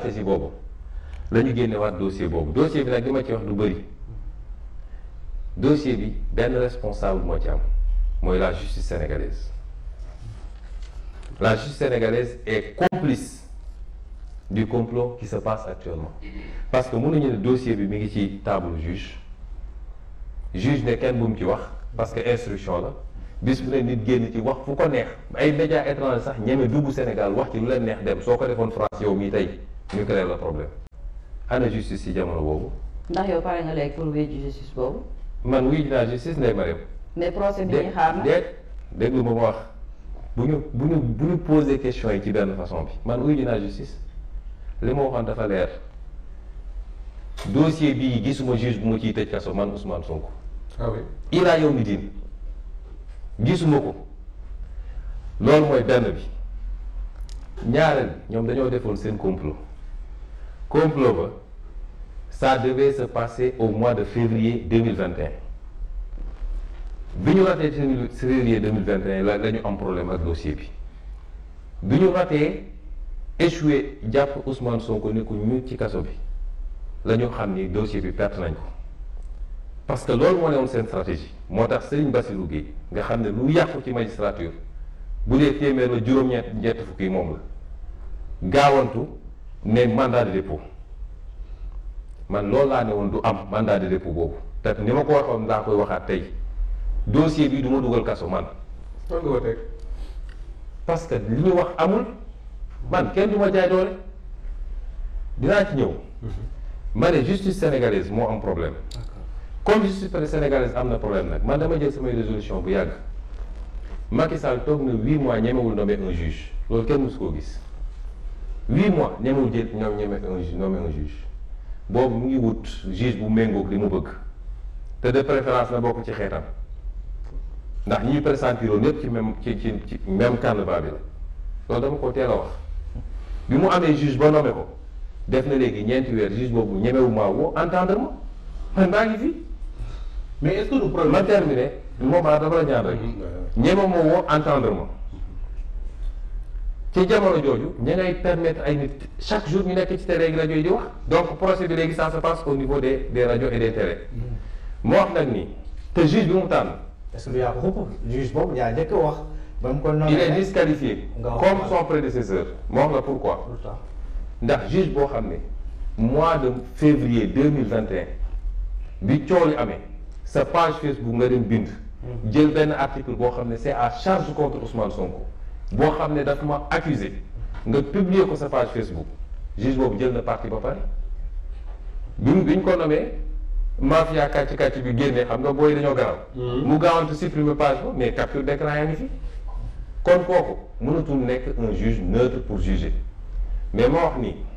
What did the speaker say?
stratégie boobu la ñu génne waat dossier boobu dossier bi nag li ma ci wax lu bëri dossier bi benn responsable moo ci am mooy la justice sénégalaise la justice sénégalaise est complice du complot qui se passe actuellement parce que mënuñu ne dossier bi mi ngi ci taabul juge juge ne kenn bu mu ci wax parce que instruction la bis bu ne nit génn ci wax fu ko neex ay médias étrangers sax ñeme dugg Sénégal wax ci lu leen neex dem soo ko defoon France yow mii tey ñu créé le problème ana justice ci jamono boobu. ndax yow pare nga léegi pour wéji justice boobu. man wéji naa justice ndey ma dem. mais procès bi ñuy xaar na déet déglu ma mu wax bu ñu bu ñu bu ñu posé question yi ci benn façon bi man wéji naa justice li ma waxoon dafa leer dossier bii gisuma juge bu ma ciy tëj kaso man Ousmane Sonko. ah ilaa yow mi diin gisuma ko loolu mooy benn bi ñaareel ñoom dañoo defoon seen complot. complot ba ça devait se passer au mois de février 2021 bi ñu ratee février 2021 la la ñu am problème ak dossier bi bi ñu ratee échoué jàpp Ousmane Sonko ne ko ñu ci kaso bi lañu ñu xam ni dossier bi perte nañ ko parce que loolu moo ne woon seen stratégie moo tax Serigne Bassirou Guèye nga xam ne lu yàqu ci magistrature bu dee téeméer la juróom-ñett ñett fukki moom la gaawantu ne mandat de dépôt man loolu laa ne woon du am mandat de dépôt boobu te ni ma ko waxoon laa koy waxaat tey dossier bi du ma dugal kaso man. parce que li ñu wax amul man kenn du ma jaay doole dinaa ci ñëw. Mhm. ma ne justice sénégalaise moo am problème. comme justice sénégalaise am na problème nag man dama jël samay résolution bu yàgg Macky Sall toog na huit mois ñemewul nommer un juge loolu kenn mësu koo gis. huit mois ñemewul jël ñoom ñeme un juge nommé un juge boobu mu ngi wut juge bu méngoog li mu bëgg te de préférence na bokk ci xeetam ndax ñu ñu présentiroo ñëpp ci même ci ci ci même canevas bi la loolu dama ko teel a wax bi mu amee juge ba nommé ko def na léegi ñeenti weer juge boobu ñemewu maa woo entendre ma man maa ngi fi. mais est-ce que du problème ma terminé du moment dafa la ñaan rek mm-hmm. ñeme woo entendre ci jamono jooju ña ngay permettre ay nit chaque jour ñu nekk ci télé ak rajo di wax donc procès bi léegi ça se passe au niveau des des rajo des télé mm. moo wax nag ni te bi mu tànn. ko xupp juge boobu yaa njëkk wax. ba mu ko nommé il est disqualifié. comme son prédécesseur. moo wax la pourquoi. ndax juge boo xam ne mois de février deux mille vingt et bi coow li amee sa page Facebook nga dem bind. Mm. jël benn article boo xam ne c'est à charge contre Ousmane Sonko. boo xam ne daf ma accusé nga publier ko sa page Facebook juge boobu jël na parti ba pare biñ biñ ko nomee mafia kàcc bi génnee xam nga booy dañoo garaw hmm. mu gaawantu supprimer page ba mais capture d'écran yaa ngi fi kon kooku mënatul nekk un juge neutre pour juger mais ma wax nii